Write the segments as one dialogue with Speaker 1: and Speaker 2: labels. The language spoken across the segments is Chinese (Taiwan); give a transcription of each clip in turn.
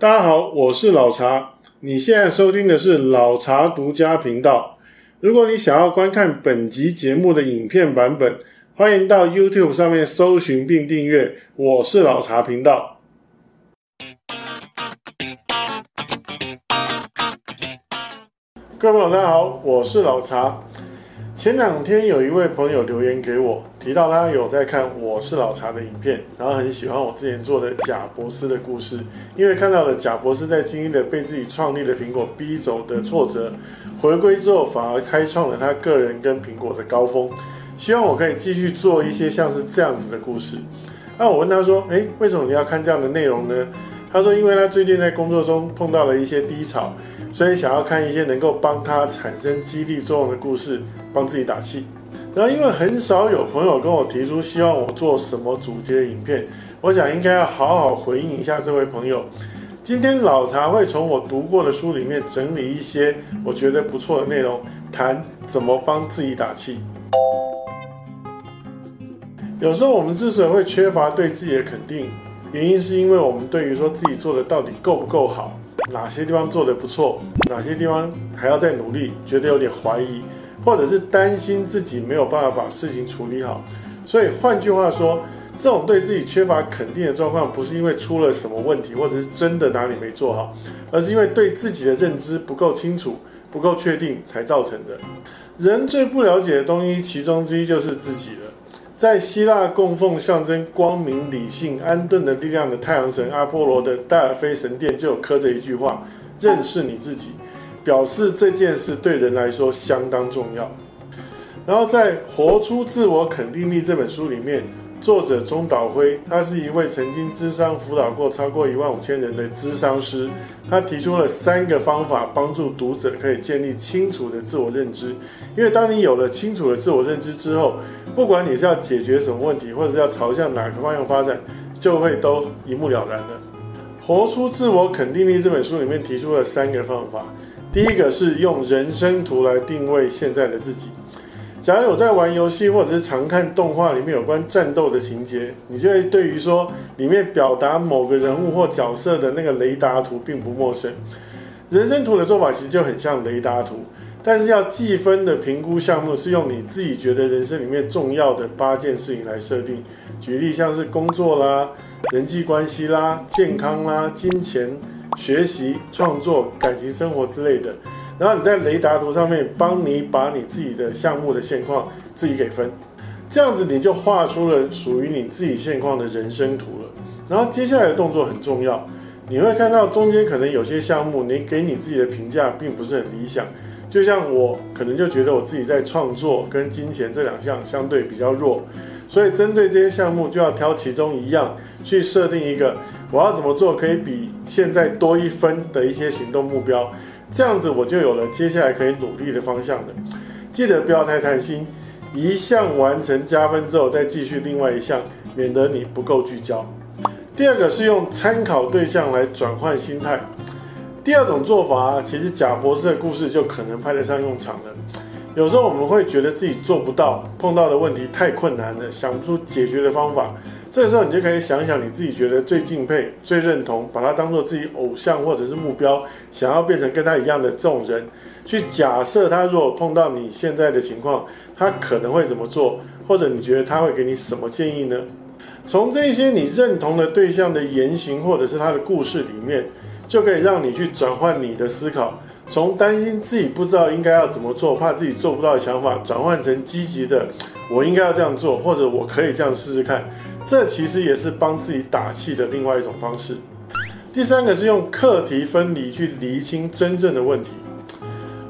Speaker 1: 大家好，我是老查。你現在收聽的是老查讀家頻道。如果你想要觀看本集節目的影片版本，歡迎到 YouTube 上面搜尋並訂閱。我是老查頻道。各位朋友，大家好，我是老查。前兩天有一位朋友留言給我。提到他有在看我是老查的影片，然後很喜歡我之前做的賈伯斯的故事，因為看到了賈伯斯在經歷了被自己創立的蘋果逼走的挫折，回歸之後反而開創了他個人跟蘋果的高峰。希望我可以繼續做一些像是這樣子的故事。那我問他說，誒，為什麼你要看這樣的內容呢？他說，因為他最近在工作中碰到了一些低潮，所以想要看一些能夠幫他產生激勵作用的故事，幫自己打氣。然後因為很少有朋友跟我提出希望我做什麼主題的影片，我想應該要好好回應一下這位朋友。今天老查會從我讀過的書裡面整理一些我覺得不錯的內容，談怎麼幫自己打氣。有時候我們之所以會缺乏對自己的肯定，原因是因為我們對於說自己做的到底夠不夠好，哪些地方做得不錯，哪些地方還要再努力，覺得有點懷疑。或者是擔心自己沒有辦法把事情處理好，所以換句話說，這種對自己缺乏肯定的狀況，不是因為出了什麼問題，或者是真的哪裡沒做好，而是因為對自己的認知不夠清楚、不夠確定才造成的。人最不了解的東西，其中之一就是自己了。在希臘供奉象徵光明、理性、安頓的力量的太陽神阿波羅的戴爾菲神殿，就有刻着一句話：認識你自己。表示這件事對人來說相當重要。然後在《活出自我肯定力》這本書裡面，作者中島輝他是一位曾經諮商輔導過超過一萬五千人的諮商師。他提出了三個方法，幫助讀者可以建立清楚的自我認知。因為當你有了清楚的自我認知之後，不管你是要解決什麼問題，或者是要朝向哪個方向發展，就會都一目了然的。《活出自我肯定力》這本書裡面提出了三個方法。第一個是用人生圖來定位現在的自己。假如有在玩遊戲或者是常看動畫裡面有關戰鬥的情節，你就會對於說裡面表達某個人物或角色的那個雷達圖並不陌生。人生圖的做法其實就很像雷達圖，但是要計分的評估項目是用你自己覺得人生裡面重要的八件事情來設定。舉例像是工作啦、人際關係啦、健康啦、金錢。學習、創作、感情、生活之類的，然後你在雷達圖上面幫你把你自己的項目的現況自己給分，這樣子你就畫出了屬於你自己現況的人生圖了。然後接下來的動作很重要，你會看到中間可能有些項目你給你自己的評價並不是很理想，就像我可能就覺得我自己在創作跟金錢這兩項相對比較弱，所以針對這些項目就要挑其中一樣去設定一個。我要怎麼做可以比現在多一分的一些行動目標？這樣子我就有了接下來可以努力的方向了。記得不要太貪心，一項完成加分之後再繼續另外一項，免得你不夠聚焦。第二個是用參考對象來轉換心態。第二種做法啊，其實賈博士的故事就可能派得上用場了。有時候我們會覺得自己做不到，碰到的問題太困難了，想不出解決的方法。這時候你就可以想想，你自己覺得最敬佩、最認同，把他當做自己偶像或者是目標，想要變成跟他一樣的這種人。去假設他如果碰到你現在的情況，他可能會怎麼做，或者你覺得他會給你什麼建議呢？從這些你認同的對象的言行，或者是他的故事裡面，就可以讓你去轉換你的思考，從擔心自己不知道應該要怎麼做，怕自己做不到的想法，轉換成積極的“我應該要這樣做”，或者“我可以這樣試試看”。這其實也是幫自己打氣的另外一種方式。第三個是用課題分離去釐清真正的問題。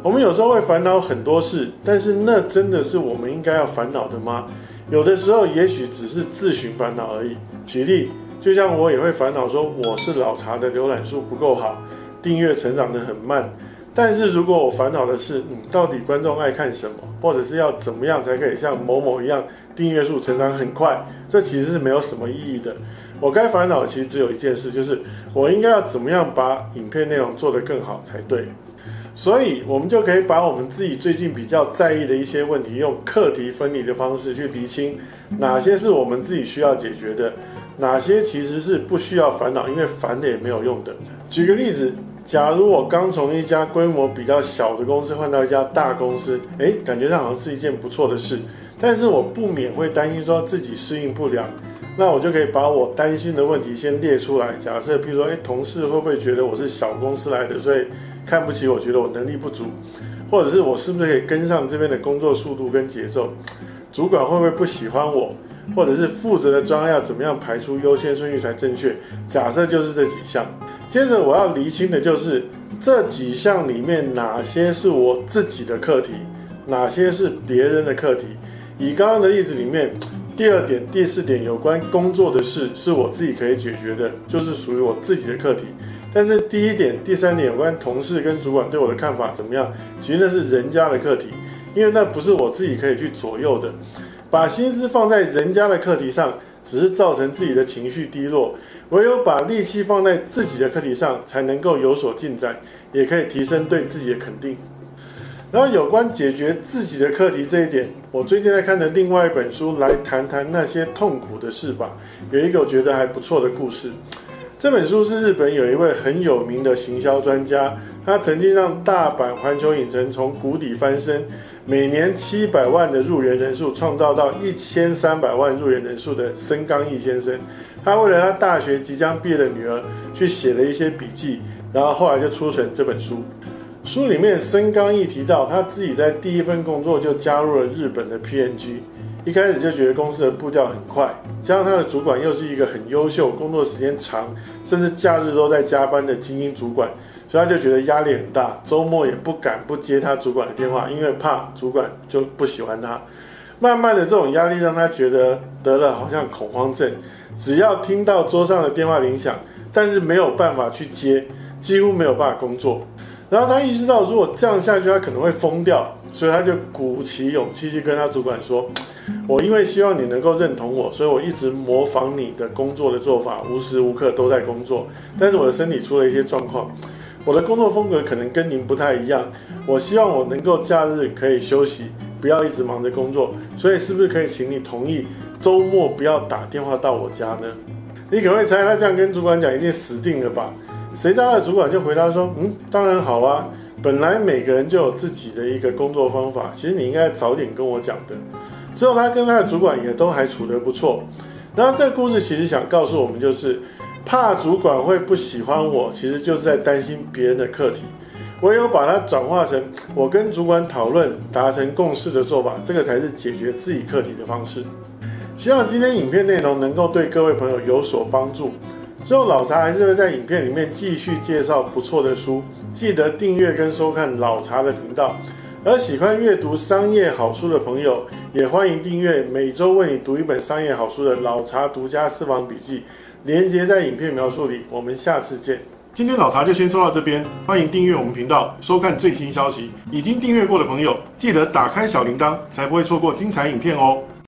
Speaker 1: 我們有時候會煩惱很多事，但是那真的是我們應該要煩惱的嗎？有的時候也許只是自尋煩惱而已。舉例，就像我也會煩惱說，我是老查的瀏覽數不夠好，訂閱成長得很慢。但是如果我煩惱的是，嗯，到底觀眾愛看什麼，或者是要怎麼樣才可以像某某一樣？訂閱數成長很快，這其實是沒有什麼意義的。我該煩惱的其實只有一件事，就是我應該要怎麼樣把影片內容做得更好才對。所以，我們就可以把我們自己最近比較在意的一些問題，用課題分離的方式去釐清，哪些是我們自己需要解決的，哪些其實是不需要煩惱，因為煩的也沒有用的。舉個例子，假如我剛從一家規模比較小的公司換到一家大公司，誒，感覺上好像是一件不錯的事。但是我不免會擔心，說自己適應不了，那我就可以把我擔心的問題先列出來。假設，比如說，誒，同事會不會覺得我是小公司來的，所以看不起我，覺得我能力不足，或者是我是不是可以跟上這邊的工作速度跟節奏？主管會不會不喜歡我？或者是負責的專案要怎麼樣排出優先順序才正確？假設就是這幾項。接着我要釐清的就是這幾項裡面哪些是我自己的課題，哪些是別人的課題。以剛剛的例子裡面，第二點、第四點有關工作的事是我自己可以解決的，就是屬於我自己的課題。但是第一點、第三點有關同事跟主管對我的看法怎麼樣，其實那是人家的課題，因為那不是我自己可以去左右的。把心思放在人家的課題上，只是造成自己的情緒低落。唯有把力氣放在自己的課題上，才能夠有所進展，也可以提升對自己的肯定。然後有關解決自己的課題這一點，我最近在看的另外一本書，來談談那些痛苦的事吧。有一個我覺得還不錯的故事。這本書是日本有一位很有名的行銷專家，他曾經讓大阪環球影城從谷底翻身，每年七百萬的入園人數創造到一千三百萬入園人數的森岡毅先生。他為了他大學即將畢業的女兒去寫了一些筆記，然後後來就出成這本書。書裡面森岡毅提到，他自己在第一份工作就加入了日本的 P&G 一開始就覺得公司的步調很快，加上他的主管又是一個很優秀、工作時間長，甚至假日都在加班的精英主管，所以他就覺得壓力很大，周末也不敢不接他主管的電話，因為怕主管就不喜歡他。慢慢的，這種壓力讓他覺得得了好像恐慌症，只要聽到桌上的電話鈴響，但是沒有辦法去接，幾乎沒有辦法工作。然後他意識到，如果這樣下去，他可能會瘋掉，所以他就鼓起勇氣去跟他主管說：“我因為希望你能夠認同我，所以我一直模仿你的工作的做法，無時無刻都在工作。但是我的身體出了一些狀況，我的工作風格可能跟您不太一樣。我希望我能夠假日可以休息，不要一直忙着工作。所以是不是可以請你同意周末不要打電話到我家呢？”你可能會猜，他這樣跟主管講，一定死定了吧？誰知道他的主管就回答說：“嗯，當然好啊，本來每個人就有自己的一個工作方法。其實你應該早點跟我講的。”之後他跟他的主管也都還處得不錯。那這個故事其實想告訴我們，就是怕主管會不喜歡我，其實就是在擔心別人的課題。唯有把它轉化成我跟主管討論達成共識的做法，這個才是解決自己課題的方式。希望今天影片內容能夠對各位朋友有所幫助。之後，老查還是會在影片裡面繼續介紹不錯的書，記得訂閱跟收看老查的頻道。而喜歡閱讀商業好書的朋友，也歡迎訂閱每周為你讀一本商業好書的老查讀家私房筆記，連接在影片描述裡。我們下次見。今天老查就先說到這邊，歡迎訂閱我們頻道，收看最新消息。已經訂閱過的朋友，記得打開小鈴鐺，才不會錯過精彩影片哦。